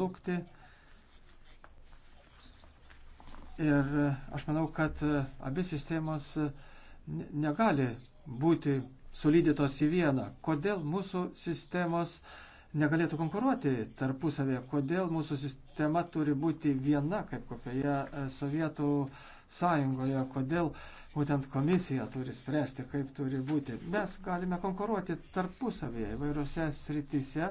sukti. Ir e, aš manau, kad e, abi sistemos e, negali būti sulydytos į vieną. Kodėl mūsų sistemos negalėtų konkuruoti tarpusavėje? Kodėl mūsų sistema turi būti viena, kaip kokioje Sovietų sąjungoje? Kodėl būtent komisija turi spręsti, kaip turi būti? Mes galime konkuruoti tarpusavėje įvairiose srityse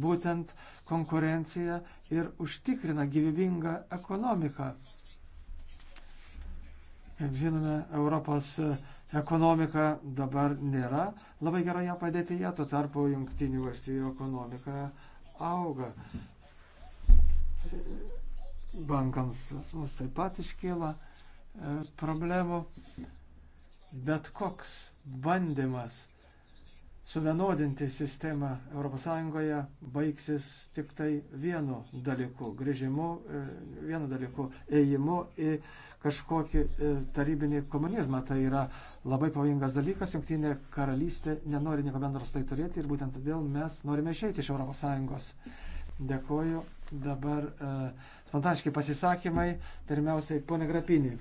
būtent konkurencija ir užtikrina gyvybingą ekonomiką. Kaip žinome, Europos ekonomika dabar nėra labai geroje padėtyje, tuo tarpu jungtinių valstybių ekonomika auga. Bankams mums taip pat iškyla e, problemų. Bet koks bandymas suvienodinti sistemą ES baigsis tik tai vienu dalyku - grįžimu, e, vienu dalyku - ėjimu į kažkokį e, tarybinį komunizmą. Tai yra labai pavojingas dalykas, jungtinė karalystė nenori nieko bendro su tai turėti ir būtent todėl mes norime išeiti iš ES. Dėkoju. Dabar e, spontaniški pasisakymai. Pirmiausiai, ponė Grapinė.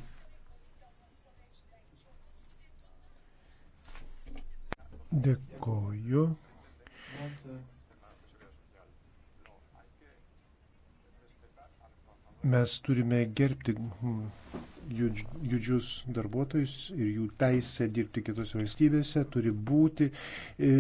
Dėkoju. Mes turime gerbti judžius darbuotojus ir jų teisę dirbti kitose valstybėse. Turi būti e,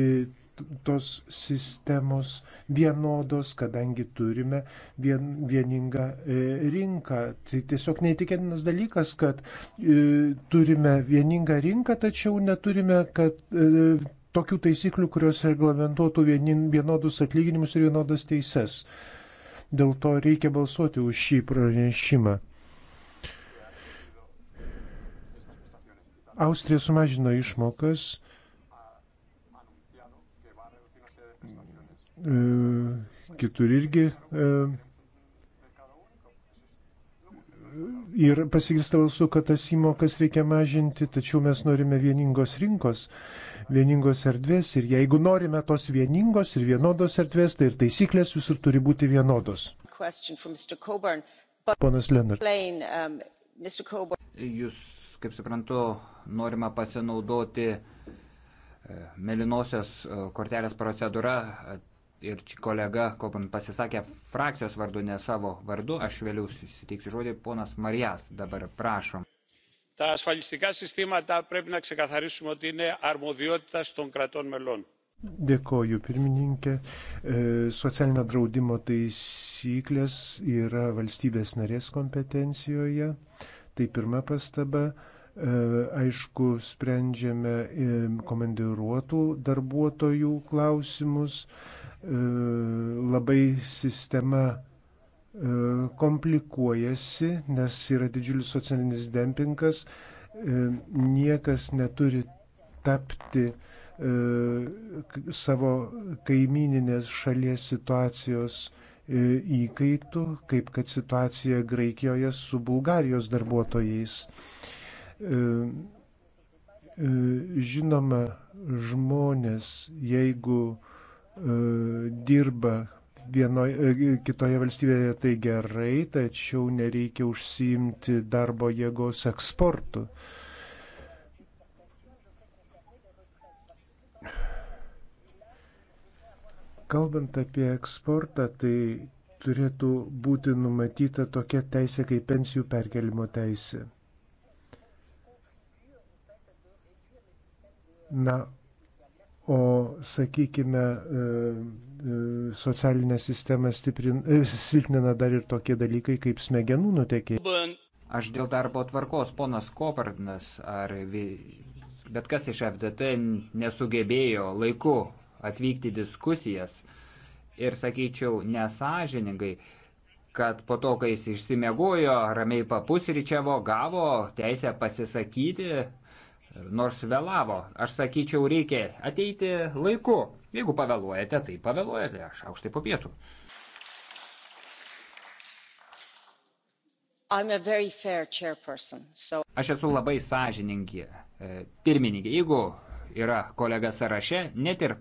tos sistemos vienodos, kadangi turime vien, vieningą e, rinką. Tai tiesiog neįtikėtinas dalykas, kad e, turime vieningą rinką, tačiau neturime, kad tokių taisyklių, kurios reglamentuotų vienodus atlyginimus ir vienodas teises. Dėl to reikia balsuoti už šį pranešimą. Austrija sumažino išmokas. E, kitur irgi e, ir pasigirsta balsų, kad tas įmokas reikia mažinti, tačiau mes norime vieningos rinkos vieningos erdvės ir jeigu norime tos vieningos ir vienodos erdvės, tai ir taisyklės visur turi būti vienodos. Coburn, but... Ponas Leonard. Um, Jūs, kaip suprantu, norima pasinaudoti e, melinosios e, kortelės procedūra e, ir kolega Kopan pasisakė frakcijos vardu, ne savo vardu. Aš vėliau suteiksiu žodį, ponas Marijas dabar prašom τα ασφαλιστικά συστήματα πρέπει να ξεκαθαρίσουμε ότι είναι αρμοδιότητα των κρατών μελών. Dėkoju, pirmininkė. Socialinio draudimo taisyklės yra valstybės narės kompetencijoje. Tai pirma pastaba. E, aišku, sprendžiame e, komandiruotų darbuotojų klausimus. E, labai sistema E, komplikuojasi, nes yra didžiulis socialinis dempingas, e, niekas neturi tapti e, savo kaimininės šalies situacijos įkaitų, kaip kad situacija Graikijoje su Bulgarijos darbuotojais. Žinoma, žmonės, jeigu dirba vienoje, kitoje valstybėje tai gerai, tačiau nereikia užsiimti darbo jėgos eksportu. Kalbant apie eksportą, tai turėtų būti numatyta tokia teisė kaip pensijų perkelimo teisė. Na, O, sakykime, e, e, socialinę sistemą stiprin, e, silpnina dar ir tokie dalykai kaip smegenų nutekėjimas. Aš dėl darbo tvarkos, ponas Kopardinas, ar bet kas iš FDT nesugebėjo laiku atvykti diskusijas ir, sakyčiau, nesažiningai, kad po to, kai jis išsimiegojo, ramiai papusryčiavo, gavo teisę pasisakyti, nors vėlavo. Aš sakyčiau, reikia ateiti laiku. Jeigu pavėluojate, tai pavėluojate, aš aukštai po pietų. So... Aš esu labai sąžininkė, e, pirmininkė. Jeigu yra kolega sąraše, net ir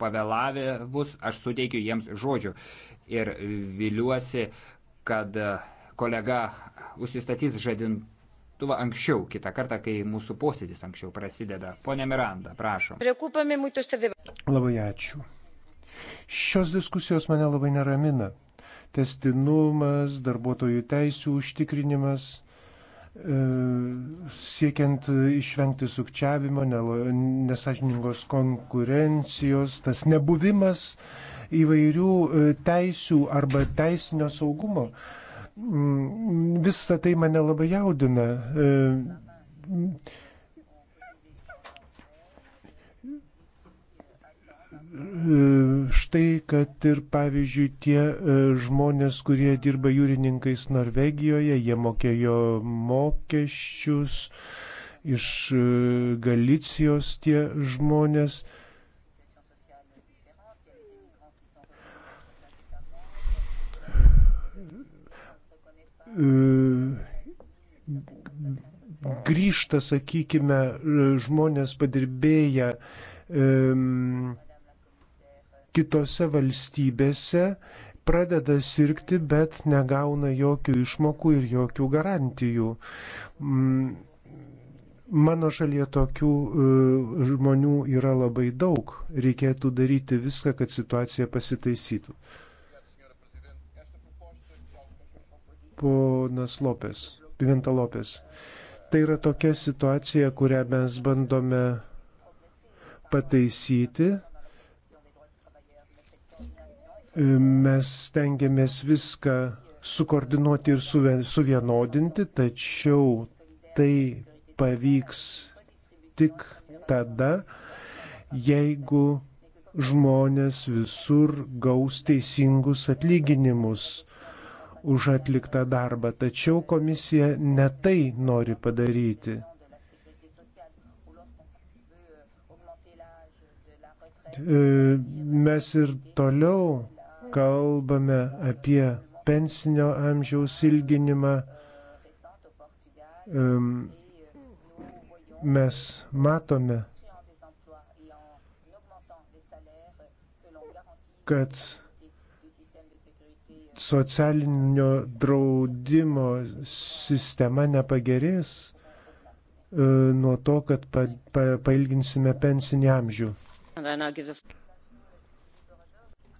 pavėlavę bus, aš suteikiu jiems žodžių ir viliuosi, kad e, kolega užsistatys žadintą lėktuvą anksčiau, kitą kartą, kai mūsų posėdis anksčiau prasideda. Pone Miranda, prašom. Labai ačiū. Šios diskusijos mane labai neramina. Testinumas, darbuotojų teisų užtikrinimas, e, siekiant išvengti sukčiavimo, nesažiningos konkurencijos, tas nebuvimas įvairių e, teisių arba teisinio saugumo. Mm, visą tai mane labai jaudina. E, e, štai, kad ir pavyzdžiui tie e, žmonės, kurie dirba jūrininkais Norvegijoje, jie mokėjo mokesčius, iš Galicijos tie žmonės, E, grįžta, sakykime, e, žmonės padirbėję e, kitose valstybėse, pradeda sirgti, bet negauna jokių išmokų ir jokių garantijų. Mm, mano šalyje tokių žmonių yra labai daug. Reikėtų daryti viską, kad situacija pasitaisytų. ponas Lopes, Pimenta Lopes. Tai yra tokia situacija, kurią mes bandome pataisyti. Mes stengiamės viską sukoordinuoti ir suvienodinti, tačiau tai pavyks tik tada, jeigu žmonės visur gaus teisingus atlyginimus už atliktą darbą, tačiau komisija ne tai nori padaryti. E, mes ir toliau kalbame apie pensinio amžiaus ilginimą. Mes matome, kad socialinio draudimo sistema nepagerės e, nuo to, kad pa, pa, pailginsime pensinį amžių.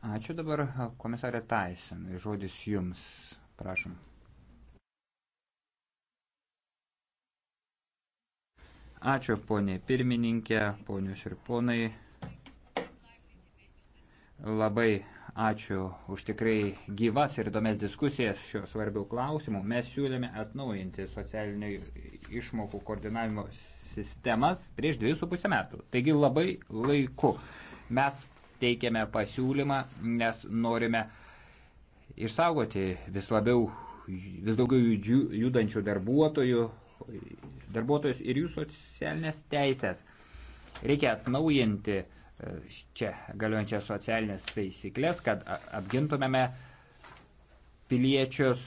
Ačiū dabar komisarė Taisen. Žodis jums. Prašom. Ačiū ponė pirmininkė, ponius ir ponai. Labai Ačiū už tikrai gyvas ir įdomias diskusijas šiuo svarbiu klausimu. Mes siūlėme atnaujinti socialinių išmokų koordinavimo sistemas prieš 2,5 metų. Taigi labai laiku mes teikiame pasiūlymą, nes norime išsaugoti vis labiau, vis daugiau judančių darbuotojų, darbuotojus ir jų socialinės teisės. Reikia atnaujinti čia galiojančias socialinės taisyklės, kad apgintumėme piliečius.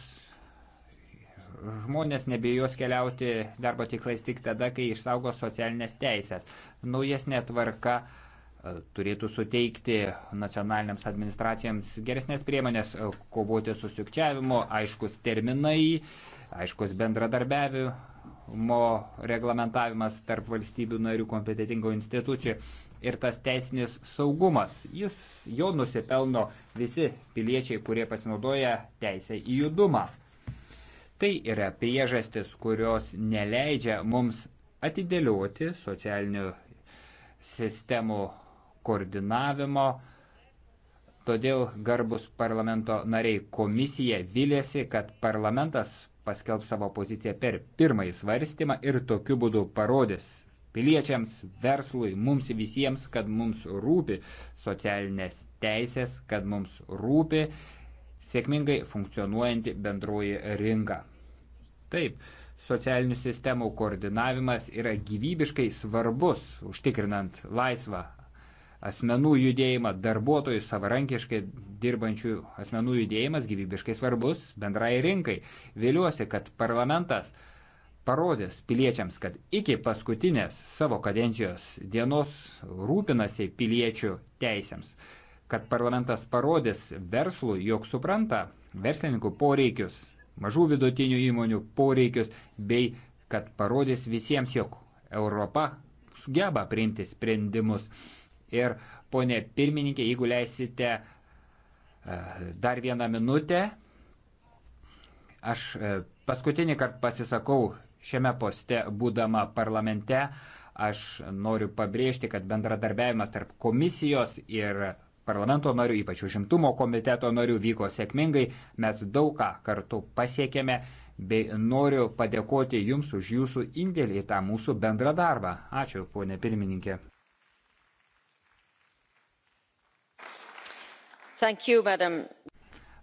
Žmonės nebijos keliauti darbo tiklais tik tada, kai išsaugo socialinės teisės. Naujesnė tvarka turėtų suteikti nacionaliniams administracijams geresnės priemonės kovoti su sukčiavimu, aiškus terminai, aiškus bendradarbiavimo reglamentavimas tarp valstybių narių kompetitingų institucijų ir tas teisinis saugumas. Jis jo nusipelno visi piliečiai, kurie pasinaudoja teisę į judumą. Tai yra priežastis, kurios neleidžia mums atidėlioti socialinių sistemų koordinavimo. Todėl garbus parlamento nariai komisija vilėsi, kad parlamentas paskelb savo poziciją per pirmąjį svarstymą ir tokiu būdu parodys piliečiams, verslui, mums visiems, kad mums rūpi socialinės teisės, kad mums rūpi sėkmingai funkcionuojanti bendroji rinka. Taip, socialinių sistemų koordinavimas yra gyvybiškai svarbus, užtikrinant laisvą asmenų judėjimą, darbuotojų savarankiškai dirbančių asmenų judėjimas gyvybiškai svarbus bendrai rinkai. Vėliuosi, kad parlamentas parodys piliečiams, kad iki paskutinės savo kadencijos dienos rūpinasi piliečių teisėms, kad parlamentas parodys verslui, jog supranta verslininkų poreikius, mažų vidutinių įmonių poreikius, bei kad parodys visiems, jog Europa sugeba priimti sprendimus. Ir, ponė pirmininkė, jeigu leisite e, dar vieną minutę, aš e, paskutinį kartą pasisakau šiame poste būdama parlamente. Aš noriu pabrėžti, kad bendradarbiavimas tarp komisijos ir parlamento narių, ypač užimtumo komiteto narių, vyko sėkmingai. Mes daug ką kartu pasiekėme, bei noriu padėkoti Jums už Jūsų indėlį į tą mūsų bendrą darbą. Ačiū, ponė pirmininkė. You,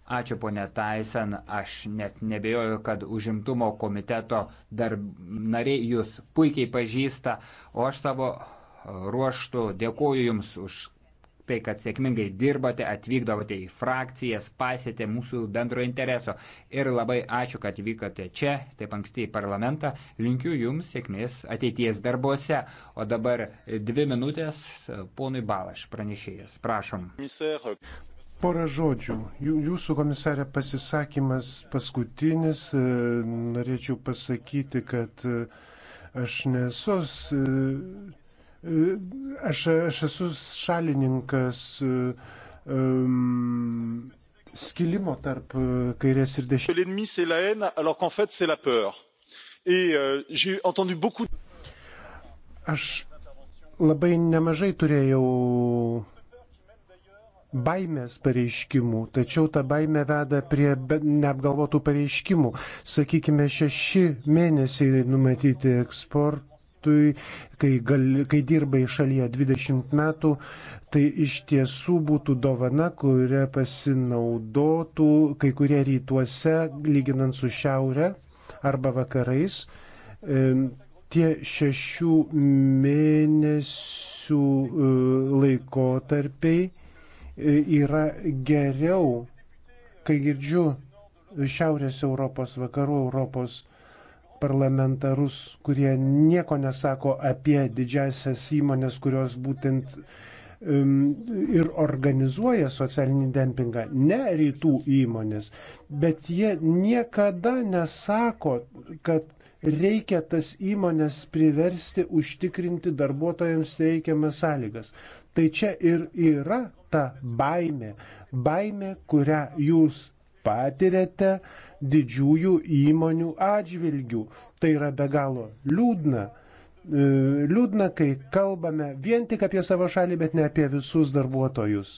Ačiū ponė Taisen, aš net nebejoju, kad užimtumo komiteto dar nariai jūs puikiai pažįsta, o aš savo ruoštų dėkuoju jums už tai, kad sėkmingai dirbate, atvykdavote į frakcijas, pasėte mūsų bendro intereso ir labai ačiū, kad vykote čia, taip anksti į parlamentą, linkiu jums sėkmės ateities darbuose, o dabar dvi minutės ponui Balaš pranešėjas, prašom. Porą žodžių. Jūsų komisarė pasisakymas paskutinis. E, norėčiau pasakyti, kad e, aš nesu. E, aš, aš esu šalininkas um, skilimo tarp kairės ir dešinės. L'ennemi c'est la haine, alors qu'en fait c'est la peur. Et euh, j'ai entendu beaucoup. Aš labai nemažai turėjau baimės pareiškimų, tačiau ta baime veda prie neapgalvotų pareiškimų. Sakykime, šeši mėnesiai numatyti eksportui, kai, gal, kai dirbai šalyje 20 metų, tai iš tiesų būtų dovana, kurią pasinaudotų kai kurie rytuose, lyginant su šiaurė arba vakarais. E, tie šešių mėnesių e, laikotarpiai yra geriau, kai girdžiu Šiaurės Europos, Vakarų Europos parlamentarus, kurie nieko nesako apie didžiasias įmonės, kurios būtent um, ir organizuoja socialinį dempingą, ne rytų įmonės, bet jie niekada nesako, kad reikia tas įmonės priversti užtikrinti darbuotojams reikiamas sąlygas. Tai čia ir yra ta baime. Baime, kurią jūs patiriate didžiųjų įmonių atžvilgių. Tai yra be galo liūdna. E, liūdna, kai kalbame vien tik apie savo šalį, bet ne apie visus darbuotojus.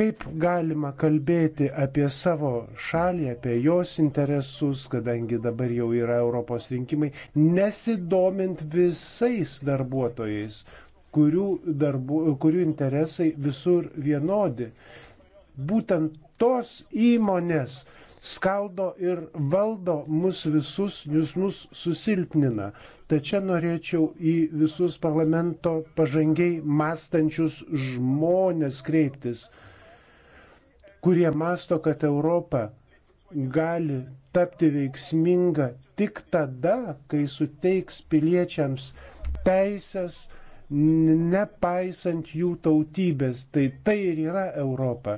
Kaip galima kalbėti apie savo šalį, apie jos interesus, kadangi dabar jau yra Europos rinkimai, nesidomint visais darbuotojais, kurių, darbu, kurių interesai visur vienodi. Būtent tos įmonės skaldo ir valdo mus visus, jūs mus susilpnina. Tačiau norėčiau į visus parlamento pažangiai mąstančius žmonės kreiptis kurie masto, kad Europa gali tapti veiksminga tik tada, kai suteiks piliečiams teisės, nepaisant jų tautybės. Tai tai ir yra Europa.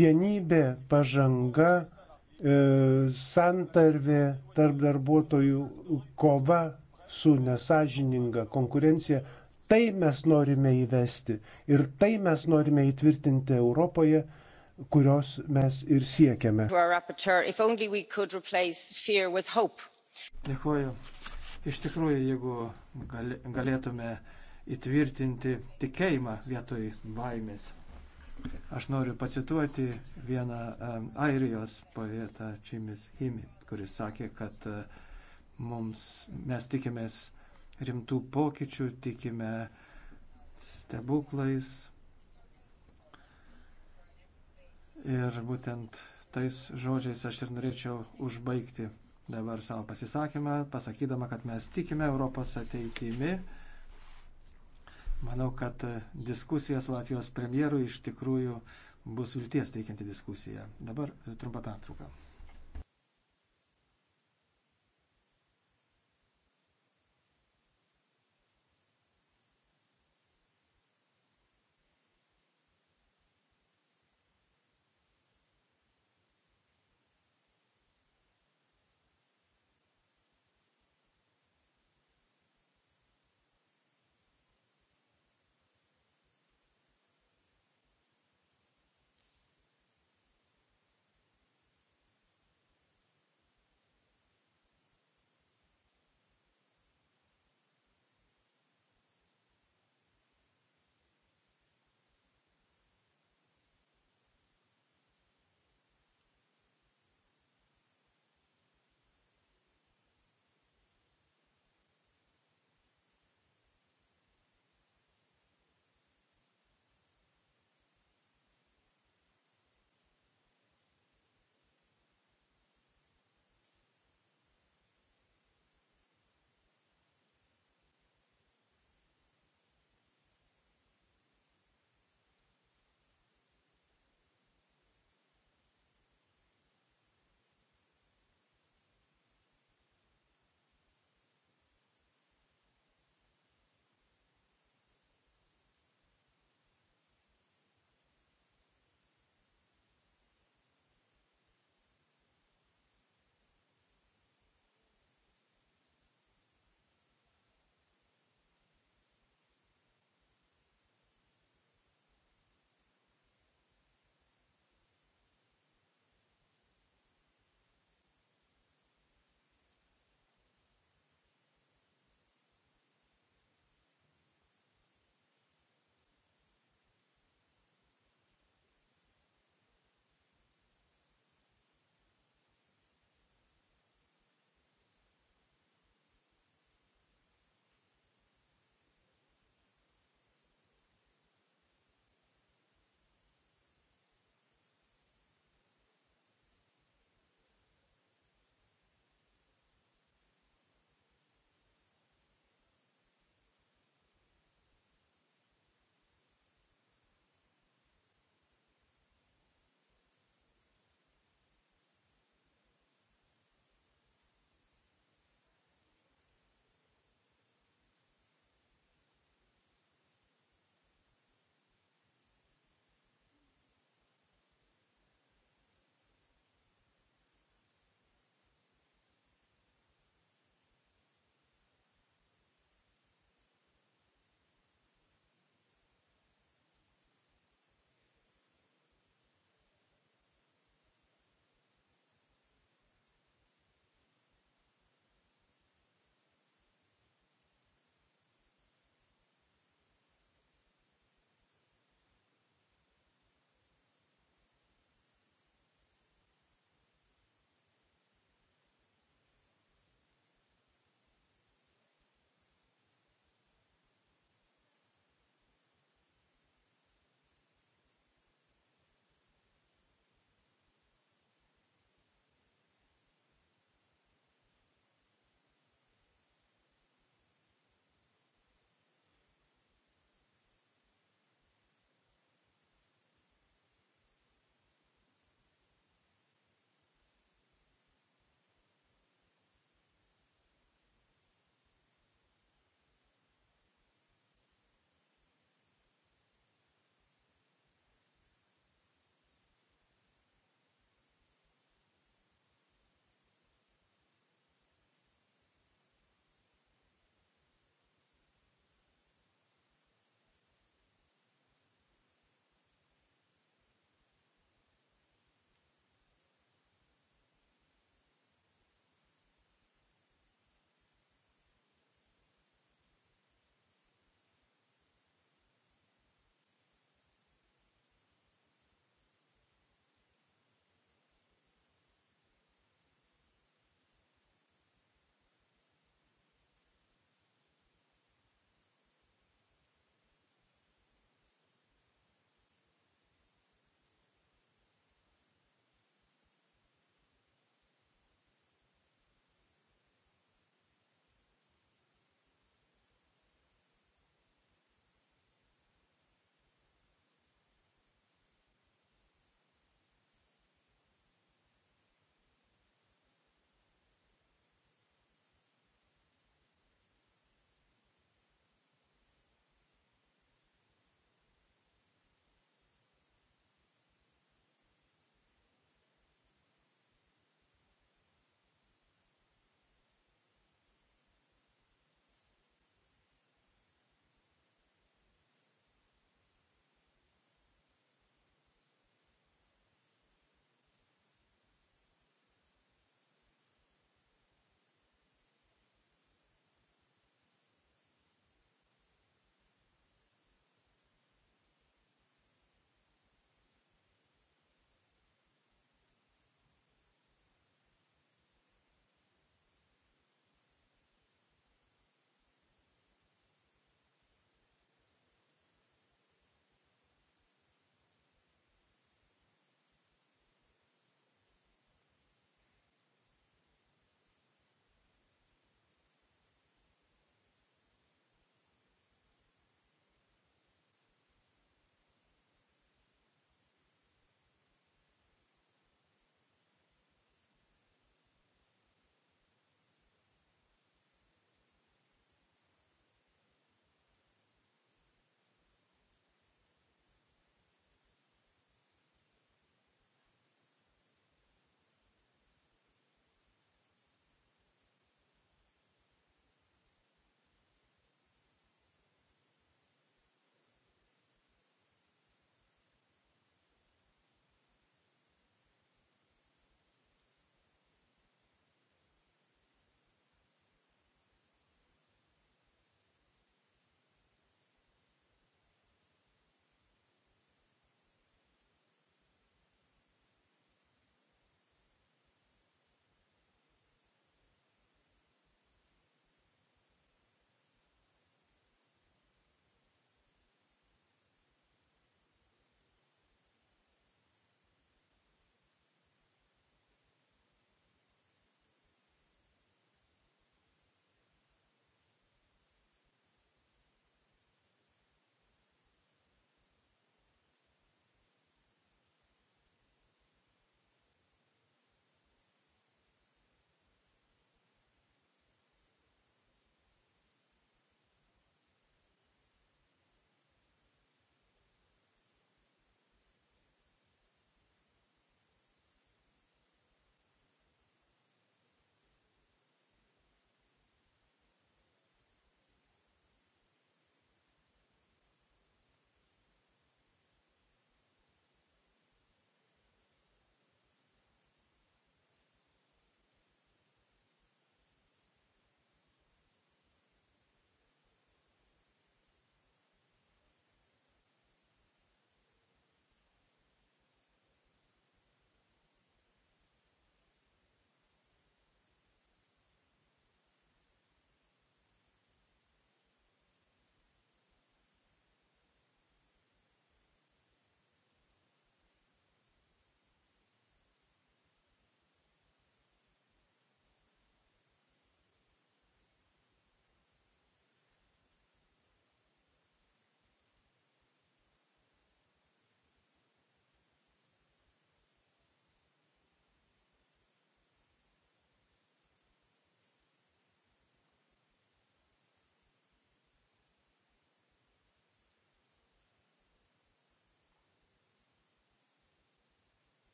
Vienybė, pažanga, e, santarvė tarp darbuotojų, kova su nesažininga konkurencija Tai mes norime įvesti ir tai mes norime įtvirtinti Europoje, kurios mes ir siekiame. Dėkuoju. Iš tikrųjų, jeigu galėtume įtvirtinti tikėjimą vietoj baimės. Aš noriu pacituoti vieną um, airijos poetą Čimis Himi, kuris sakė, kad uh, mums, mes tikimės rimtų pokyčių, tikime stebuklais. Ir būtent tais žodžiais aš ir norėčiau užbaigti dabar savo pasisakymą, pasakydama, kad mes tikime Europos ateitimi. Manau, kad diskusijos Latvijos premjerui iš tikrųjų bus vilties teikianti diskusija. Dabar trumpa pertrauka.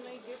may give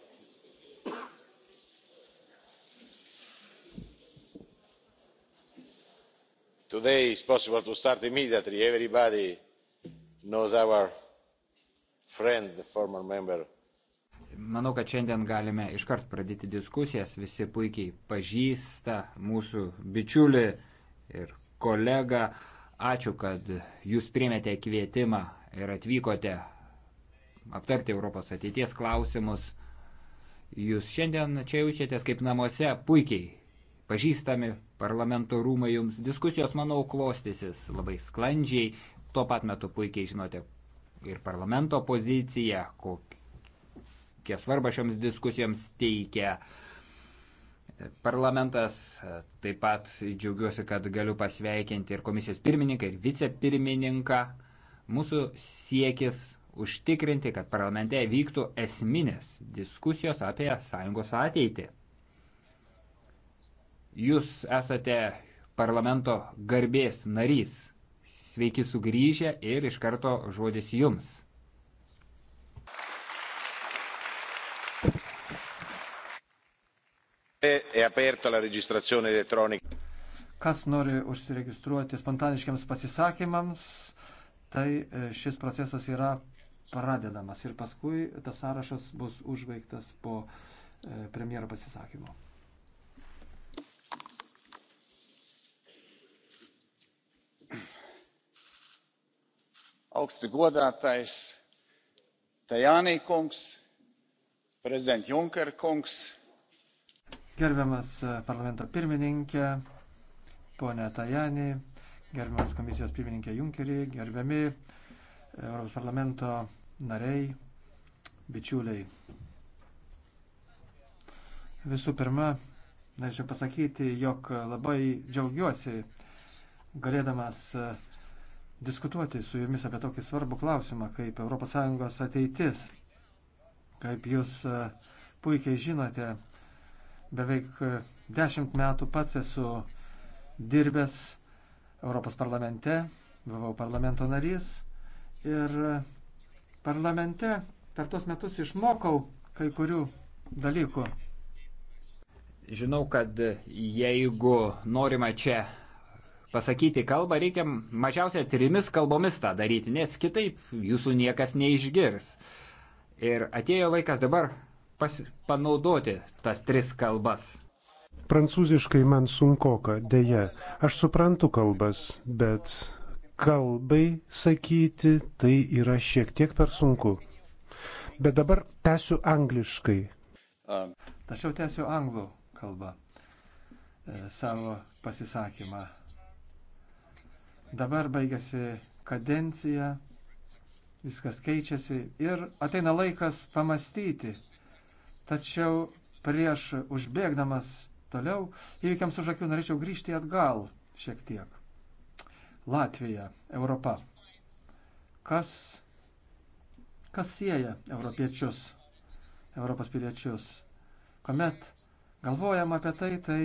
today it's possible to start immediately. everybody knows our friend the former member. Manau, kad šiandien galime iškart pradėti diskusijas. Visi puikiai pažįsta mūsų bičiulį ir kolegą. Ačiū, kad jūs priemėte kvietimą ir atvykote aptarti Europos ateities klausimus. Jūs šiandien čia jaučiatės kaip namuose puikiai pažįstami parlamento rūmai jums. Diskusijos, manau, klostysis labai sklandžiai. Tuo pat metu puikiai žinote ir parlamento poziciją, kokią svarbą šioms diskusijoms teikia parlamentas. Taip pat džiaugiuosi, kad galiu pasveikinti ir komisijos pirmininką, ir vicepirmininką. Mūsų siekis užtikrinti, kad parlamente vyktų esminės diskusijos apie sąjungos ateitį. Jūs esate parlamento garbės narys. Sveiki sugrįžę ir iš karto žodis jums. Kas nori užsiregistruoti spontaniškiams pasisakymams, tai e, šis procesas yra pradedamas ir paskui tas sąrašas bus užbaigtas po e, premjero pasisakymo. augsti godātais tajani kungs prezidente junker kungs gerbiamas e, parlamento pirmininke ponia tajani gerbiamas komisijos pirmininke junkeri gerbiami e, europos parlamento nariai bičiuliai visų pirma norėčiau pasakyti jog labai džiaugiuosi galėdamas e, diskutuoti su jumis apie tokį svarbų klausimą, kaip ES ateitis. Kaip jūs e, puikiai žinote, beveik e, dešimt metų pats esu dirbęs Europos parlamente, buvau parlamento narys ir e, parlamente per tos metus išmokau kai kurių dalykų. Žinau, kad jeigu norima čia pasakyti kalbą, reikia mažiausiai trimis kalbomis tą daryti, nes kitaip jūsų niekas neišgirs. Ir atėjo laikas dabar pas, panaudoti tas tris kalbas. Prancūziškai man sunkoka, dėja. Aš suprantu kalbas, bet kalbai sakyti tai yra šiek tiek per sunku. Bet dabar tęsiu angliškai. Tačiau tęsiu anglų kalbą e, savo pasisakymą. Dabar baigėsi kadencija, viskas keičiasi ir ateina laikas pamastyti. Tačiau prieš užbėgdamas toliau įvykiams už akių norėčiau grįžti atgal šiek tiek. Latvija, Europa. Kas, kas sieja europiečius, Europos piliečius? Komet galvojam apie tai, tai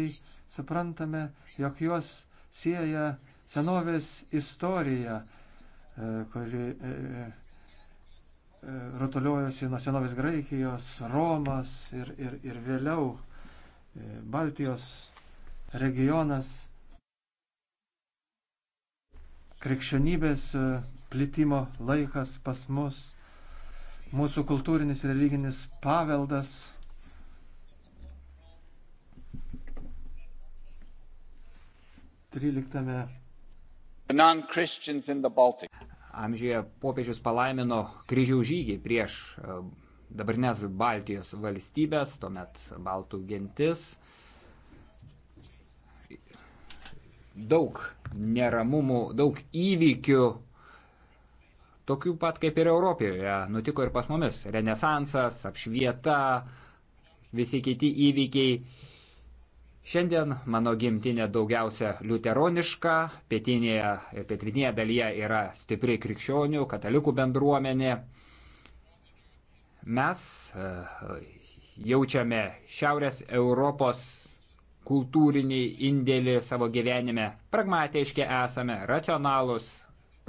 suprantame, jog juos sieja senovės istorija, e, kuri e, e, rotuliojosi nuo senovės Graikijos, Romas ir, ir, ir vėliau Baltijos regionas krikščionybės plitimo laikas pas mus, mūsų kultūrinis ir religinis paveldas. Tryliktame Amžiuje popiežius palaimino kryžiaus žygį prieš e, dabartinės Baltijos valstybės, tuomet Baltų gentis. Daug neramumų, daug įvykių, tokių pat kaip ir Europoje, nutiko ir pas mumis. Renesansas, apšvieta, visi kiti įvykiai Šiandien mano gimtinė daugiausia liuteroniška, pietinėje ir pietrinėje dalyje yra stipri krikščionių, katalikų bendruomenė. Mes e, jaučiame Šiaurės Europos kultūrinį indėlį savo gyvenime, pragmatiški esame, racionalūs,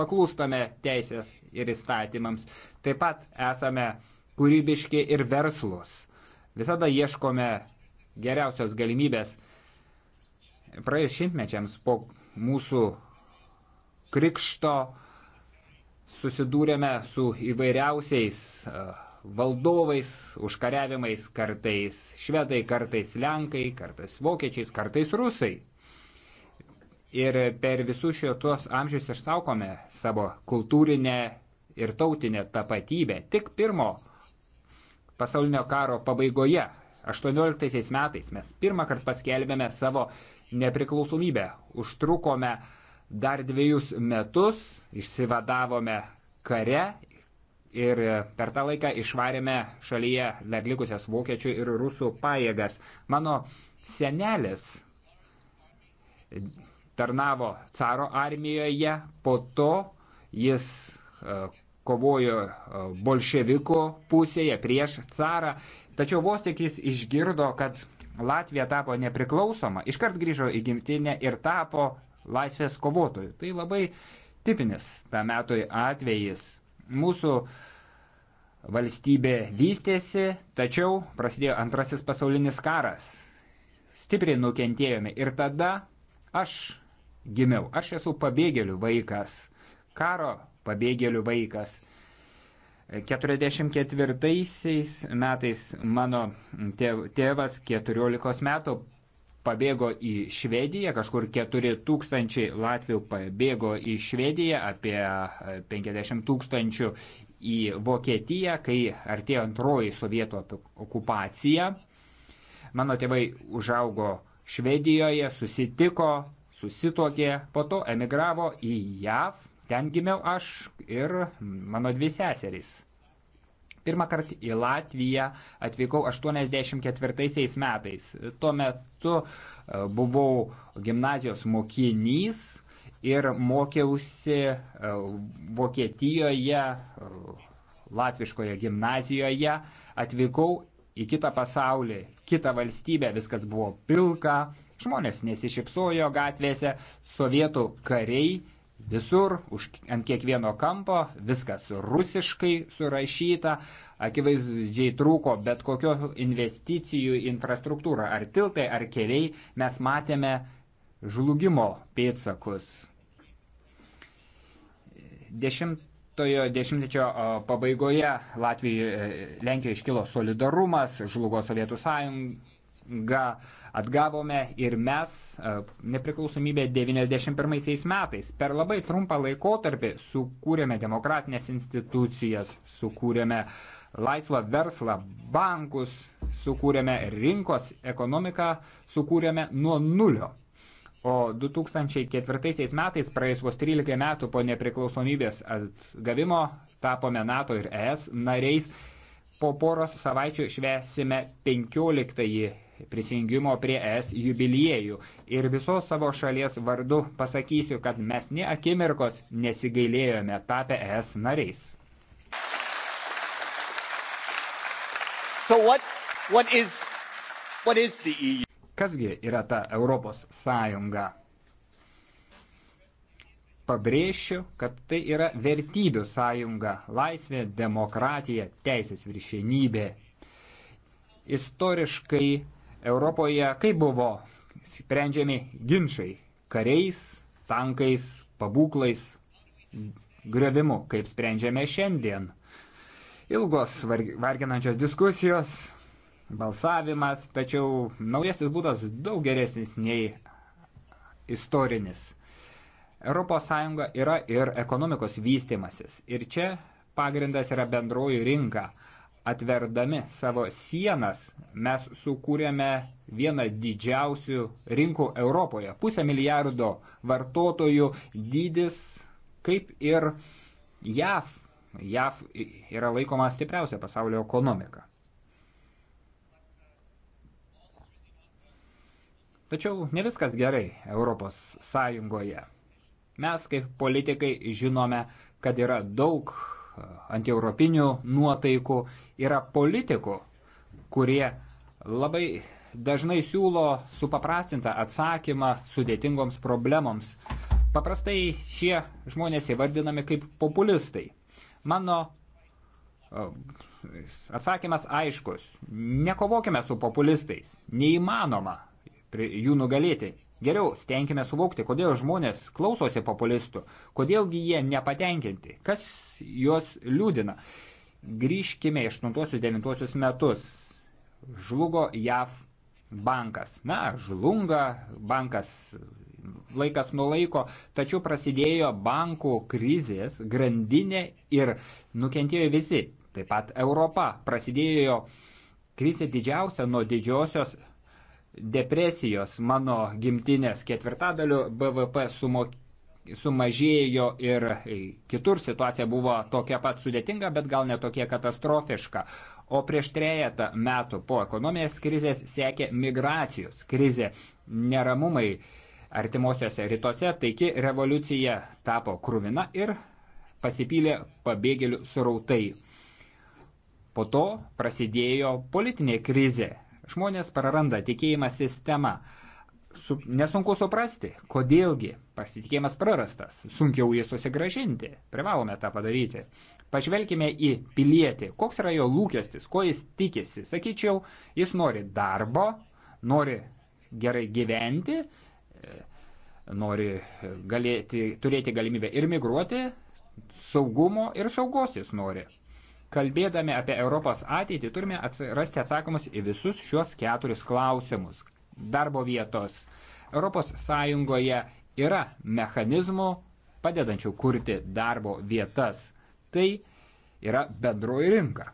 paklūstame teisės ir įstatymams, taip pat esame kūrybiški ir verslus. Visada ieškome geriausios galimybės praėjus šimtmečiams po mūsų krikšto susidūrėme su įvairiausiais e, valdovais, užkariavimais, kartais švedai, kartais lenkai, kartais vokiečiais, kartais rusai. Ir per visus šios amžius išsaukome savo kultūrinę ir tautinę tapatybę. Tik pirmo pasaulinio karo pabaigoje, 18 metais, mes pirmą kartą paskelbėme savo nepriklausomybę. Užtrukome dar dviejus metus, išsivadavome kare ir per tą laiką išvarėme šalyje dar likusias vokiečių ir rusų pajėgas. Mano senelis tarnavo caro armijoje, po to jis e, kovojo e, bolševiko pusėje prieš carą, tačiau vos tik jis išgirdo, kad Latvija tapo nepriklausoma, iškart grįžo į gimtinę ir tapo laisvės kovotojų. Tai labai tipinis tą metui atvejis. Mūsų valstybė vystėsi, tačiau prasidėjo antrasis pasaulinis karas. Stipriai nukentėjome ir tada aš gimiau. Aš esu pabėgėlių vaikas, karo pabėgėlių vaikas. 44 metais mano tėvas 14 metų pabėgo į Švediją, kažkur 4 tūkstančiai Latvių pabėgo į Švediją, apie 50 tūkstančių į Vokietiją, kai artėjo antroji sovietų okupacija. Mano tėvai užaugo Švedijoje, susitiko, susitokė, po to emigravo į JAV, Ten gimiau aš ir mano dvi seserys. Pirmą kartą į Latviją atvykau 84 metais. Tuo metu e, buvau gimnazijos mokinys ir mokiausi e, Vokietijoje, e, Latviškoje gimnazijoje. Atvykau į kitą pasaulį, kitą valstybę, viskas buvo pilka, žmonės nesišypsojo gatvėse, sovietų kariai visur, už, ant kiekvieno kampo, viskas rusiškai surašyta, akivaizdžiai trūko bet kokio investicijų infrastruktūra, ar tiltai, ar keliai, mes matėme žlugimo pėtsakus. Dešimtojo dešimtmečio pabaigoje Latvijoje, Lenkijoje iškilo solidarumas, žlugo Sovietų sąjunga atgavome ir mes e, nepriklausomybę 91 metais. Per labai trumpą laikotarpį sukūrėme demokratinės institucijas, sukūrėme laisvą verslą, bankus, sukūrėme rinkos ekonomiką, sukūrėme nuo nulio. O 2004 metais, praėjus vos 13 metų po nepriklausomybės atgavimo, tapome NATO ir ES nariais. Po poros savaičių švesime 15-ąjį prisijungimo prie ES jubiliejų. Ir visos savo šalies vardu pasakysiu, kad mes ne akimirkos nesigailėjome tapę ES nariais. So what, what is, what is e Kasgi yra ta Europos Sąjunga? Pabrėšiu, kad tai yra vertybių sąjunga - laisvė, demokratija, teisės viršienybė. Istoriškai Europoje kaip buvo sprendžiami ginčiai kariais, tankais, pabūklais, grevimu, kaip sprendžiame šiandien. Ilgos varginančios diskusijos, balsavimas, tačiau naujasis būdas daug geresnis nei istorinis. ES yra ir ekonomikos vystimasis. Ir čia pagrindas yra bendroji rinka atverdami savo sienas mes sukūrėme vieną didžiausių rinkų Europoje. Pusę milijardo vartotojų dydis kaip ir JAV. JAV yra laikoma stipriausia pasaulio ekonomika. Tačiau ne viskas gerai Europos Sąjungoje. Mes kaip politikai žinome, kad yra daug antieuropinių nuotaikų, yra politikų, kurie labai dažnai siūlo supaprastintą atsakymą sudėtingoms problemoms. Paprastai šie žmonės įvardinami kaip populistai. Mano atsakymas aiškus. Nekovokime su populistais. Neįmanoma jų nugalėti. Geriau stenkime suvokti, kodėl žmonės klausosi populistų, kodėlgi jie nepatenkinti, kas juos liūdina. Grįžkime 8-9 metus. Žlugo JAV bankas. Na, žlunga bankas laikas nulaiko, tačiau prasidėjo bankų krizės grandinė ir nukentėjo visi. Taip pat Europa prasidėjo krizė didžiausia nuo didžiosios depresijos mano gimtinės ketvirtadaliu BVP sumokė sumažėjo ir kitur situacija buvo tokia pat sudėtinga, bet gal netokia katastrofiška. O prieš trejetą metų po ekonominės krizės sekė migracijos krizė, neramumai artimuosiuose rytuose, taigi revoliucija tapo krūvina ir pasipylė pabėgėlių surautai. Po to prasidėjo politinė krizė, Žmonės praranda tikėjimą sistemą. Su, nesunku suprasti, kodėlgi pasitikėjimas prarastas. Sunkiau jį susigražinti. Privalome tą padaryti. Pažvelkime į pilietį. Koks yra jo lūkestis, ko jis tikisi. Sakyčiau, jis nori darbo, nori gerai gyventi, e, nori galėti, turėti galimybę ir migruoti, saugumo ir saugos jis nori. Kalbėdami apie Europos ateitį turime rasti atsakymus į visus šios keturis klausimus. Darbo vietos. Europos Sąjungoje yra mechanizmų padedančių kurti darbo vietas. Tai yra bendroji rinka.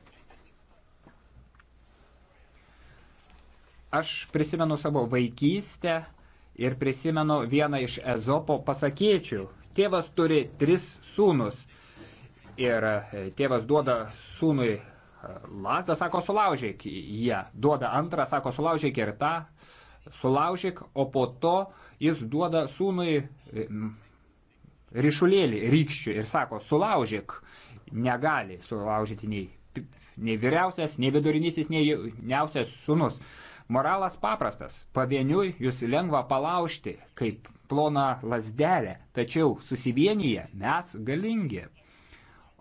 Aš prisimenu savo vaikystę ir prisimenu vieną iš Ezopo pasakėčių. Tėvas turi tris sūnus ir e, tėvas duoda sūnui e, lasdą, sako, sulaužyk ją, duoda antrą, sako, sulaužyk ir tą, sulaužyk, o po to jis duoda sūnui e, ryšulėlį rykščių ir sako, sulaužyk, negali sulaužyti nei, nei vyriausias, nei vidurinysis, nei jauniausias sūnus. Moralas paprastas, pavieniui jūs lengva palaužti kaip ploną lasdelę, tačiau susivienyje mes galingi.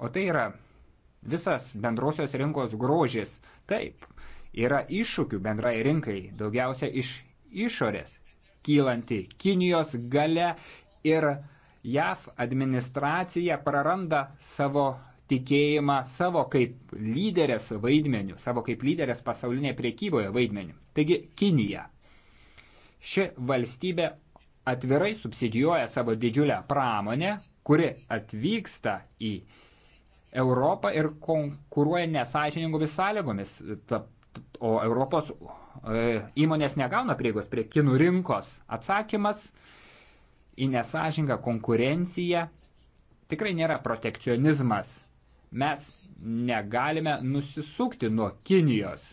O tai yra visas bendrosios rinkos grožis. Taip, yra iššūkių bendrai rinkai, daugiausia iš išorės, kylanti Kinijos gale ir JAV administracija praranda savo tikėjimą, savo kaip lyderės vaidmenių, savo kaip lyderės pasaulinėje priekyboje vaidmenių. Taigi Kinija. Ši valstybė atvirai subsidijuoja savo didžiulę pramonę, kuri atvyksta į Europą ir konkuruoja nesažiningomis sąlygomis, ta, o Europos e, įmonės negauna prieigos prie kinų rinkos. Atsakymas į nesažingą konkurenciją tikrai nėra protekcionizmas. Mes negalime nusisukti nuo Kinijos.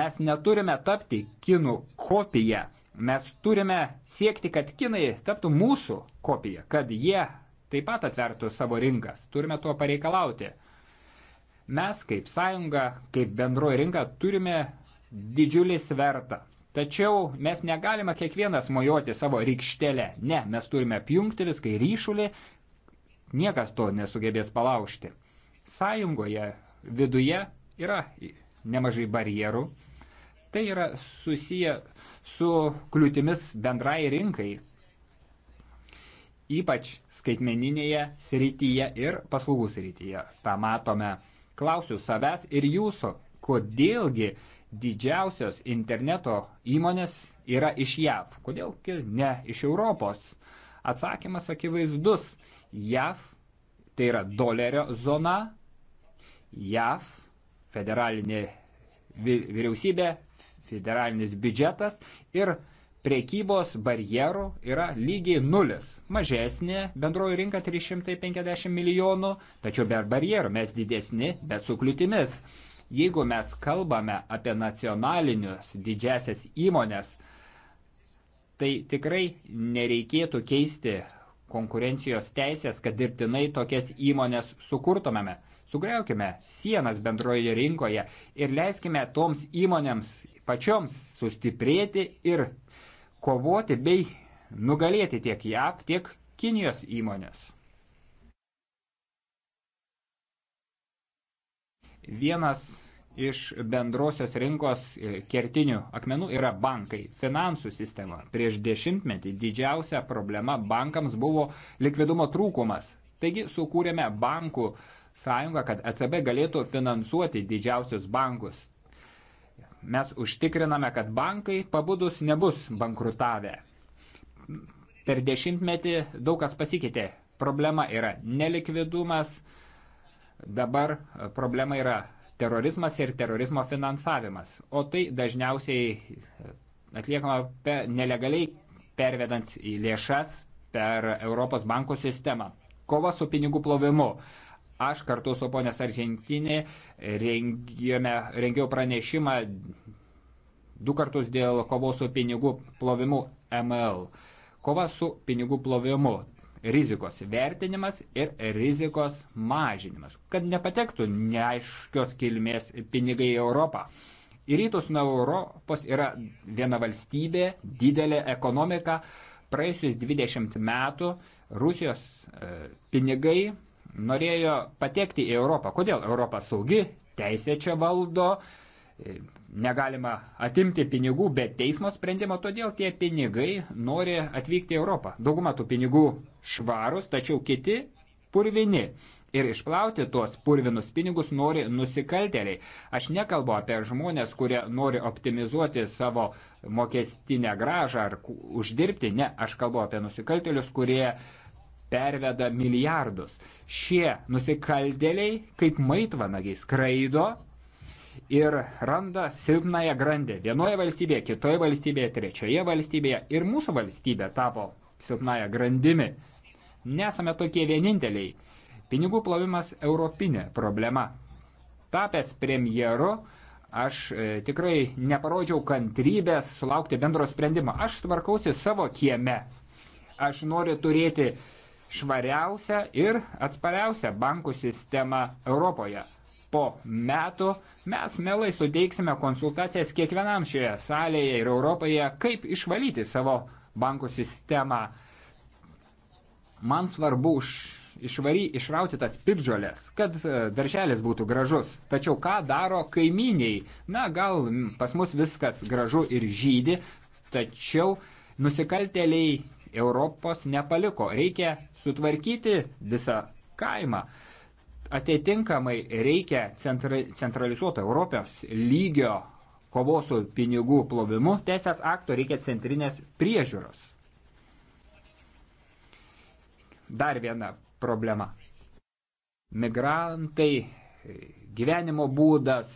Mes neturime tapti kinų kopiją. Mes turime siekti, kad kinai taptų mūsų kopiją, kad jie taip pat atvertų savo rinkas. Turime tuo pareikalauti. Mes kaip sąjunga, kaip bendroji rinka turime didžiulį svertą. Tačiau mes negalime kiekvienas mojuoti savo rykštelę. Ne, mes turime apjungti viską į ryšulį, niekas to nesugebės palaužti. Sąjungoje viduje yra nemažai barjerų. Tai yra susiję su kliūtimis bendrai rinkai ypač skaitmeninėje srityje ir paslaugų srityje. Ta matome. Klausiu savęs ir jūsų, kodėlgi didžiausios interneto įmonės yra iš JAV, kodėlgi ne iš Europos. Atsakymas akivaizdus. JAV tai yra dolerio zona, JAV federalinė vyriausybė, federalinis biudžetas ir priekybos barjerų yra lygiai nulis. Mažesnė bendroji rinka 350 milijonų, tačiau be barjerų mes didesni, bet su kliūtimis. Jeigu mes kalbame apie nacionalinius didžiasias įmonės, tai tikrai nereikėtų keisti konkurencijos teisės, kad dirbtinai tokias įmonės sukurtumėme. Sugriaukime sienas bendroje rinkoje ir leiskime toms įmonėms pačioms sustiprėti ir kovoti bei nugalėti tiek JAV, tiek Kinijos įmonės. Vienas iš bendrosios rinkos e, kertinių akmenų yra bankai, finansų sistema. Prieš dešimtmetį didžiausia problema bankams buvo likvidumo trūkumas. Taigi sukūrėme bankų sąjungą, kad ECB galėtų finansuoti didžiausius bankus mes užtikriname, kad bankai pabudus nebus bankrutavę. Per dešimtmetį daug kas pasikeitė. Problema yra nelikvidumas, dabar problema yra terorizmas ir terorizmo finansavimas. O tai dažniausiai atliekama pe, nelegaliai pervedant į lėšas per Europos bankų sistemą. Kova su pinigų plovimu. Aš kartu su ponės Argentinė rengiau pranešimą du kartus dėl kovos su pinigų plovimu ML. Kova su pinigų plovimu rizikos vertinimas ir rizikos mažinimas, kad nepatektų neaiškios kilmės pinigai į Europą. Į rytus nuo Europos yra viena valstybė, didelė ekonomika. Praėjusius 20 metų Rusijos e, pinigai norėjo patekti į Europą. Kodėl Europa saugi, teisė čia valdo, negalima atimti pinigų, bet teismo sprendimo, todėl tie pinigai nori atvykti į Europą. Dauguma tų pinigų švarus, tačiau kiti purvini. Ir išplauti tuos purvinus pinigus nori nusikalteliai. Aš nekalbu apie žmonės, kurie nori optimizuoti savo mokestinę gražą ar uždirbti. Ne, aš kalbu apie nusikaltelius, kurie uh, perveda milijardus. Šie nusikaldėliai kaip maitvanagiai skraido ir randa silpnąją grandę vienoje valstybėje, kitoje valstybėje, trečioje valstybėje ir mūsų valstybė tapo silpnąją grandimi. Nesame tokie vieninteliai. Pinigų plovimas europinė problema. Tapęs premjeru, aš e, tikrai neparodžiau kantrybės sulaukti bendro sprendimo. Aš tvarkausi savo kieme. Aš noriu turėti uh, švariausią ir atspariausią bankų sistemą Europoje. Po metų mes melai suteiksime konsultacijas kiekvienam šioje salėje ir Europoje, kaip išvalyti savo bankų sistemą. Man svarbu už išvary, išrauti tas pirdžiolės, kad e, darželis būtų gražus. Tačiau ką daro kaiminiai? Na, gal pas mus viskas gražu ir žydi, tačiau nusikalteliai Europos nepaliko. Reikia sutvarkyti visą kaimą. Atitinkamai reikia centra, centralizuoto Europos lygio kovos su pinigų plovimu teisės akto reikia centrinės priežiūros. Dar viena problema. Migrantai, gyvenimo būdas,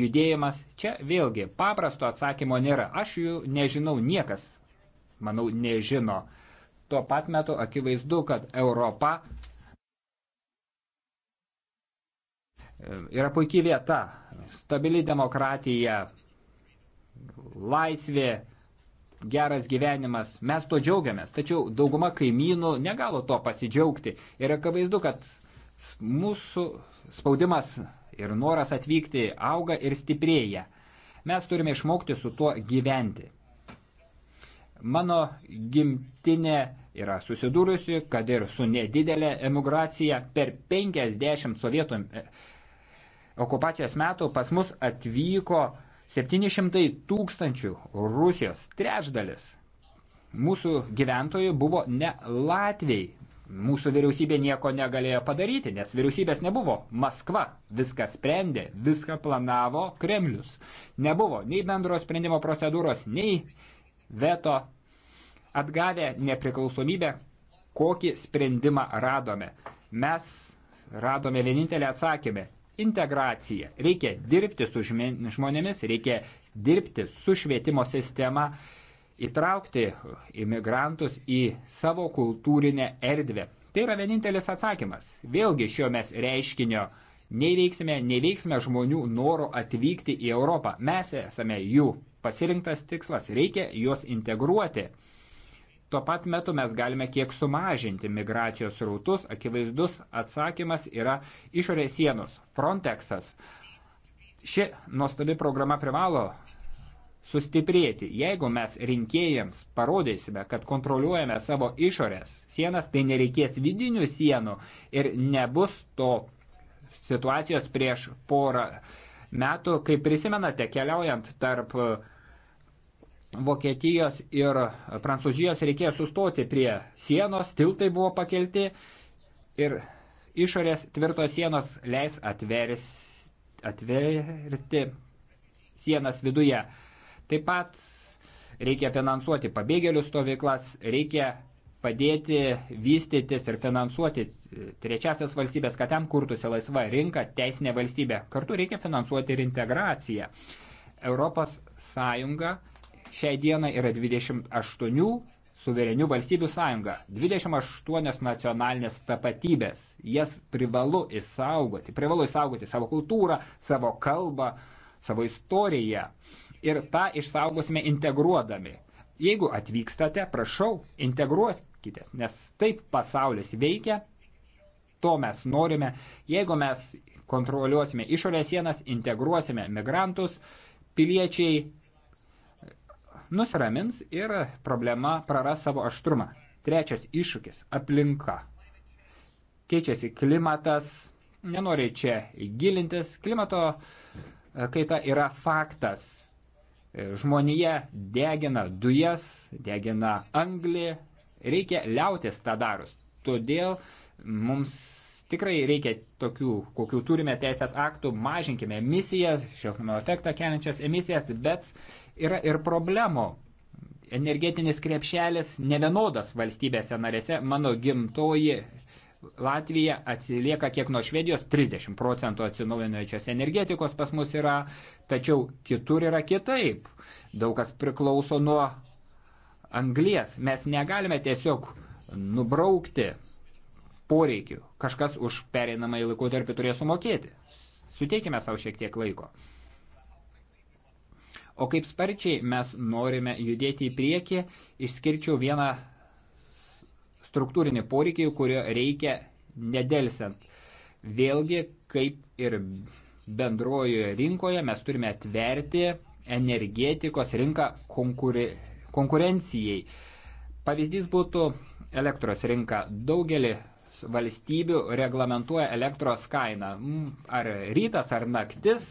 judėjimas. Čia vėlgi paprasto atsakymo nėra. Aš jų nežinau, niekas manau, nežino. Tuo pat metu akivaizdu, kad Europa e, yra puikiai vieta, stabili demokratija, laisvė, geras gyvenimas, mes to džiaugiamės, tačiau dauguma kaimynų negalo to pasidžiaugti. Ir akivaizdu, kad mūsų spaudimas ir noras atvykti auga ir stiprėja. Mes turime išmokti su tuo gyventi. Mano gimtinė yra susidūrusi, kad ir su nedidelė emigracija per 50 sovietų e, okupacijos metų pas mus atvyko 700 tūkstančių Rusijos trečdalis. Mūsų gyventojų buvo ne Latvijai. Mūsų vyriausybė nieko negalėjo padaryti, nes vyriausybės nebuvo. Maskva viską sprendė, viską planavo Kremlius. Nebuvo nei bendros sprendimo procedūros, nei veto. Atgavę nepriklausomybę, kokį sprendimą radome? Mes radome vienintelį atsakymą - integraciją. Reikia dirbti su žmonėmis, reikia dirbti su švietimo sistema, įtraukti imigrantus į savo kultūrinę erdvę. Tai yra vienintelis atsakymas. Vėlgi šio mes reiškinio neįveiksime, neįveiksime žmonių noro atvykti į Europą. Mes esame jų pasirinktas tikslas, reikia juos integruoti. Tuo pat metu mes galime kiek sumažinti migracijos rautus, akivaizdus atsakymas yra išorės sienos, Frontexas. Ši nuostabi programa privalo sustiprėti. Jeigu mes rinkėjams parodysime, kad kontroliuojame savo išorės sienas, tai nereikės vidinių sienų ir nebus to situacijos prieš porą metų, kai prisimenate, keliaujant tarp uh, Vokietijos ir Prancūzijos reikėjo sustoti prie sienos, tiltai buvo pakelti ir išorės tvirtos sienos leis atveris, atverti sienas viduje. Taip pat reikia finansuoti pabėgėlių stovyklas, reikia padėti vystytis ir finansuoti trečiasias valstybės, kad ten kurtųsi laisva rinka, teisinė valstybė. Kartu reikia finansuoti ir integraciją. Europos Sąjunga šiai dienai yra 28 suverenių valstybių sąjunga, 28 nacionalinės tapatybės. Jas privalu įsaugoti, privalu įsaugoti savo kultūrą, savo kalbą, savo istoriją. Ir tą išsaugosime integruodami. Jeigu atvykstate, prašau, integruokitės, nes taip pasaulis veikia, to mes norime. Jeigu mes kontroliuosime išorės sienas, integruosime migrantus, piliečiai nusiramins ir problema praras savo aštrumą. Trečias iššūkis - aplinka. Keičiasi klimatas, nenori čia gilintis, klimato e, kaita yra faktas. E, žmonija degina dujas, degina anglį, reikia liautis tą darus. Todėl mums tikrai reikia tokių, kokių turime teisės aktų, mažinkime emisijas, šiltnamio efektą keliančias emisijas, bet yra ir problemų. Energetinis krepšelis nevienodas valstybėse narėse. Mano gimtoji Latvija atsilieka kiek nuo Švedijos, 30 procentų atsinaujinančios energetikos pas mus yra, tačiau kitur yra kitaip. Daug kas priklauso nuo anglies. Mes negalime tiesiog nubraukti poreikių. Kažkas už pereinamąjį laikotarpį turės sumokėti. Suteikime savo šiek tiek laiko. O kaip sparčiai mes norime judėti į priekį, išskirčiau vieną struktūrinį poreikį, kurio reikia nedelsiant. Vėlgi, kaip ir bendrojoje rinkoje, mes turime atverti energetikos rinką konkuri, konkurencijai. Pavyzdys būtų elektros rinka. Daugelį valstybių reglamentuoja elektros kainą. Ar rytas, ar naktis,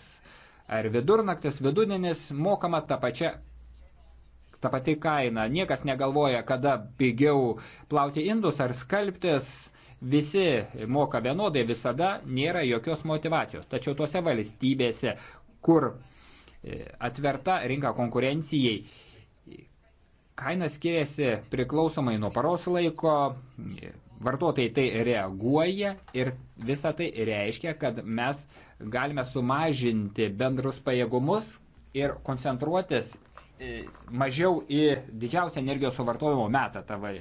ar vidurnaktis, vidudienis mokama tą pačią. Ta pati kaina. Niekas negalvoja, kada pigiau plauti indus ar skalbtis. Visi moka vienodai, visada nėra jokios motivacijos. Tačiau tose valstybėse, kur e, atverta rinka konkurencijai, kaina skiriasi priklausomai nuo paros laiko, vartotojai tai reaguoja ir visa tai reiškia, kad mes galime sumažinti bendrus pajėgumus ir koncentruotis e, mažiau į didžiausią energijos suvartojimo metą tavai.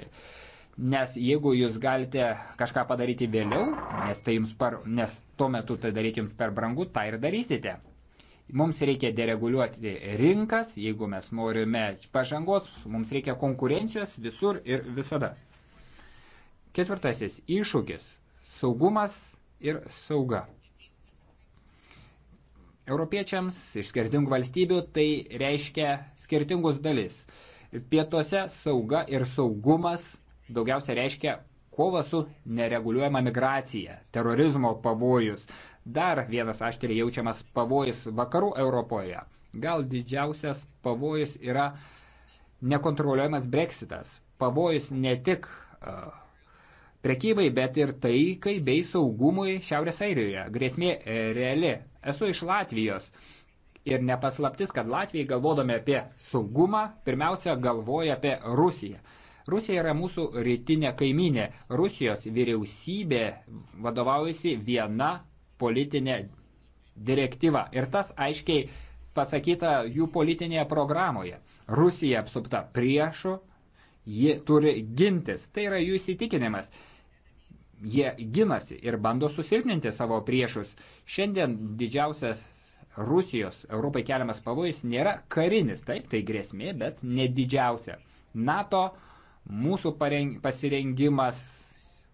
Nes jeigu jūs galite kažką padaryti vėliau, nes, tai jums par, nes tuo metu tai daryti jums per brangu, tą ir darysite. Mums reikia dereguliuoti rinkas, jeigu mes norime pažangos, mums reikia konkurencijos visur ir visada. Ketvirtasis - iššūkis - saugumas ir sauga. Europiečiams iš skirtingų valstybių tai reiškia skirtingus dalis. Pietuose sauga ir saugumas daugiausia reiškia kova su nereguliuojama migracija, terorizmo pavojus. Dar vienas aštriai jaučiamas pavojus vakarų Europoje. Gal didžiausias pavojus yra nekontroliuojamas breksitas. Pavojus ne tik uh, prekybai, bet ir taikai bei saugumui Šiaurės Airijoje. Grėsmė e, reali. Esu iš Latvijos. Ir nepaslaptis, kad Latvijai galvodami apie saugumą, pirmiausia galvoja apie Rusiją. Rusija yra mūsų rytinė kaiminė. Rusijos vyriausybė vadovaujasi viena politinė direktyva. Ir tas aiškiai pasakyta jų politinėje programoje. Rusija apsupta priešų, ji turi gintis. Tai yra jų įsitikinimas jie ginasi ir bando susilpninti savo priešus. Šiandien didžiausias Rusijos Europai keliamas pavojus nėra karinis, taip, tai grėsmė, bet nedidžiausia. NATO mūsų pareng, pasirengimas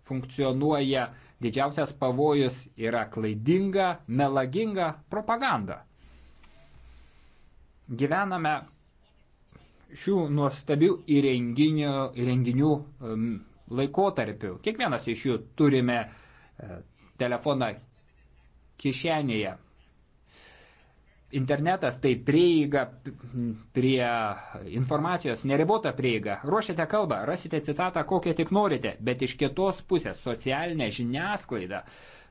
funkcionuoja, didžiausias pavojus yra klaidinga, melaginga propaganda. Gyvename šių nuostabių įrenginių, įrenginių laikotarpiu. Kiekvienas iš jų turime e, telefoną kišenėje. Internetas tai prieiga prie informacijos, neribota prieiga. Ruošiate kalbą, rasite citatą, kokią tik norite, bet iš kitos pusės socialinė žiniasklaida,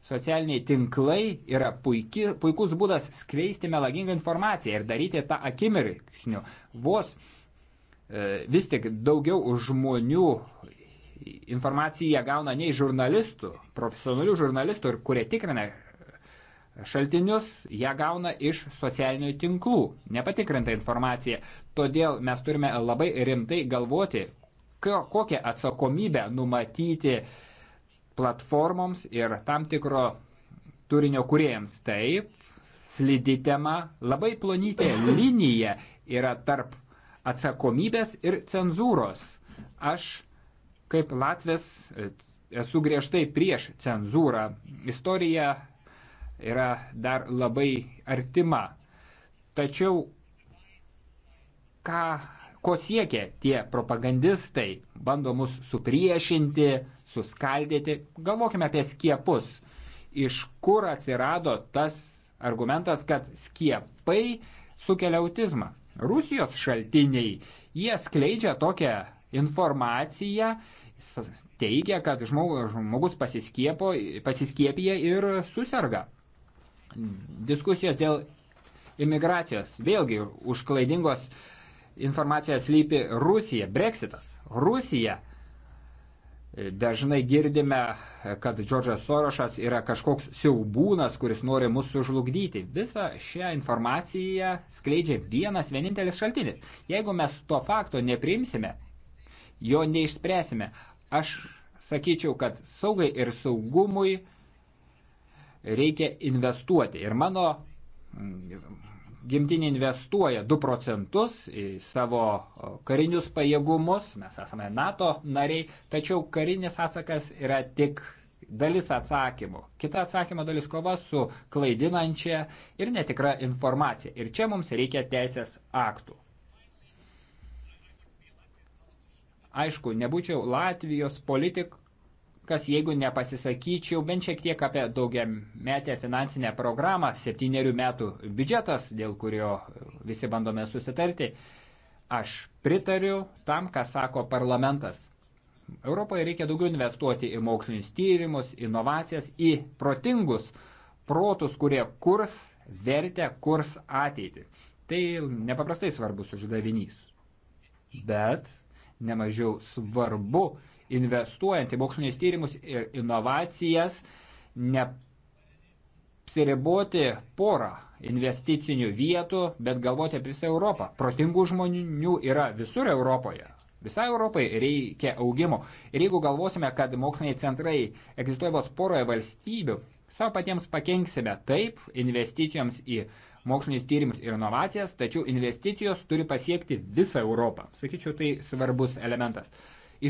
socialiniai tinklai yra puiki, puikus būdas skleisti melagingą informaciją ir daryti tą akimirksniu. Vos e, vis tik daugiau žmonių informaciją jie gauna ne iš žurnalistų, profesionalių žurnalistų, kurie tikrina e, šaltinius, ją gauna iš socialinių tinklų, nepatikrinta informacija. Todėl mes turime labai rimtai galvoti, kokią atsakomybę numatyti platformoms ir tam tikro turinio kuriejams. Taip, slidi tema, labai plonytė linija yra tarp atsakomybės ir cenzūros. Aš Kaip Latvės e, esu griežtai prieš cenzūrą. Istorija yra dar labai artima. Tačiau ką, ko siekia tie propagandistai, bando mus supriešinti, suskaldyti. Galvokime apie skiepus. Iš kur atsirado tas argumentas, kad skiepai sukelia autizmą? Rusijos šaltiniai, jie skleidžia tokią informacija teigia, kad žmogus pasiskiepija ir susirga. Diskusijos dėl imigracijos. Vėlgi už klaidingos informacijos lypi Rusija, Brexitas. Rusija. E, dažnai girdime, e, kad Džordžas Sorošas yra kažkoks siaubūnas, kuris nori mus sužlugdyti. Visą šią informaciją skleidžia vienas vienintelis šaltinis. Jeigu mes to fakto neprimsime, jo neišspręsime. Aš sakyčiau, kad saugai ir saugumui reikia investuoti. Ir mano mm, gimtinė investuoja 2 procentus į savo karinius pajėgumus, mes esame NATO nariai, tačiau karinis atsakas yra tik dalis atsakymų. Kita atsakymo dalis kova su klaidinančia ir netikra informacija. Ir čia mums reikia teisės aktų. Aišku, nebūčiau Latvijos politikas, jeigu nepasisakyčiau bent šiek tiek apie daugiametę finansinę programą, septyniarių metų biudžetas, dėl kurio visi bandome susitarti. Aš pritariu tam, ką sako parlamentas. Europoje reikia daugiau investuoti į mokslinius tyrimus, inovacijas, į protingus protus, kurie kurs vertę, kurs ateitį. Tai nepaprastai svarbus uždavinys. Bet nemažiau svarbu, investuojant į mokslinius tyrimus ir inovacijas, neapsiriboti porą investicinių vietų, bet galvoti apie visą Europą. Protingų žmonių yra visur Europoje. Visai Europai reikia augimo. Ir jeigu galvosime, kad moksliniai centrai egzistuoja vos poroje valstybių, savo patiems pakenksime taip investicijoms į mokslinius tyrimus ir inovacijas, tačiau investicijos turi pasiekti visą Europą. Sakyčiau, tai svarbus elementas.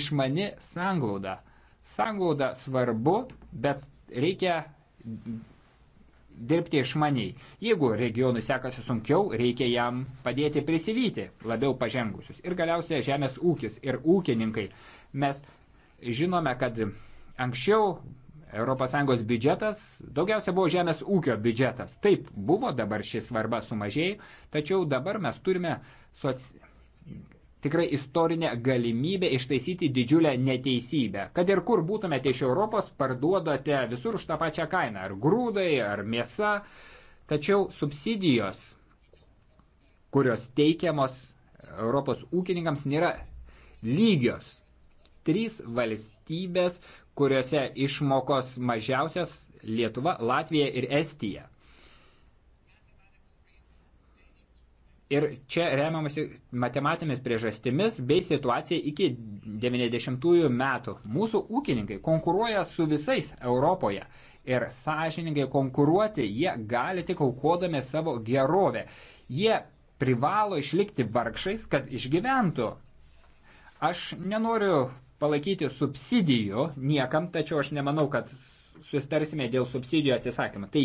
Išmani sanglauda. Sanglauda svarbu, bet reikia dirbti išmaniai. Jeigu regionui sekasi sunkiau, reikia jam padėti prisivyti labiau pažengusius. Ir galiausiai žemės ūkis ir ūkininkai. Mes žinome, kad anksčiau ES biudžetas daugiausia buvo žemės ūkio biudžetas. Taip buvo, dabar ši svarba sumažėjo, tačiau dabar mes turime soci... tikrai istorinę galimybę ištaisyti didžiulę neteisybę. Kad ir kur būtumėte iš Europos, parduodate visur už tą pačią kainą, ar grūdai, ar mėsa, tačiau subsidijos, kurios teikiamos Europos ūkininkams, nėra lygios. Trys valstybės kuriuose išmokos mažiausias Lietuva, Latvija ir Estija. Ir čia remiamasi matematinėmis priežastimis bei situacija iki 90-ųjų metų. Mūsų ūkininkai konkuruoja su visais Europoje ir sąžiningai konkuruoti jie gali tik aukodami savo gerovę. Jie privalo išlikti vargšais, kad išgyventų. Aš nenoriu palaikyti subsidijų niekam, tačiau aš nemanau, kad susitarsime dėl subsidijų atsisakymą. Tai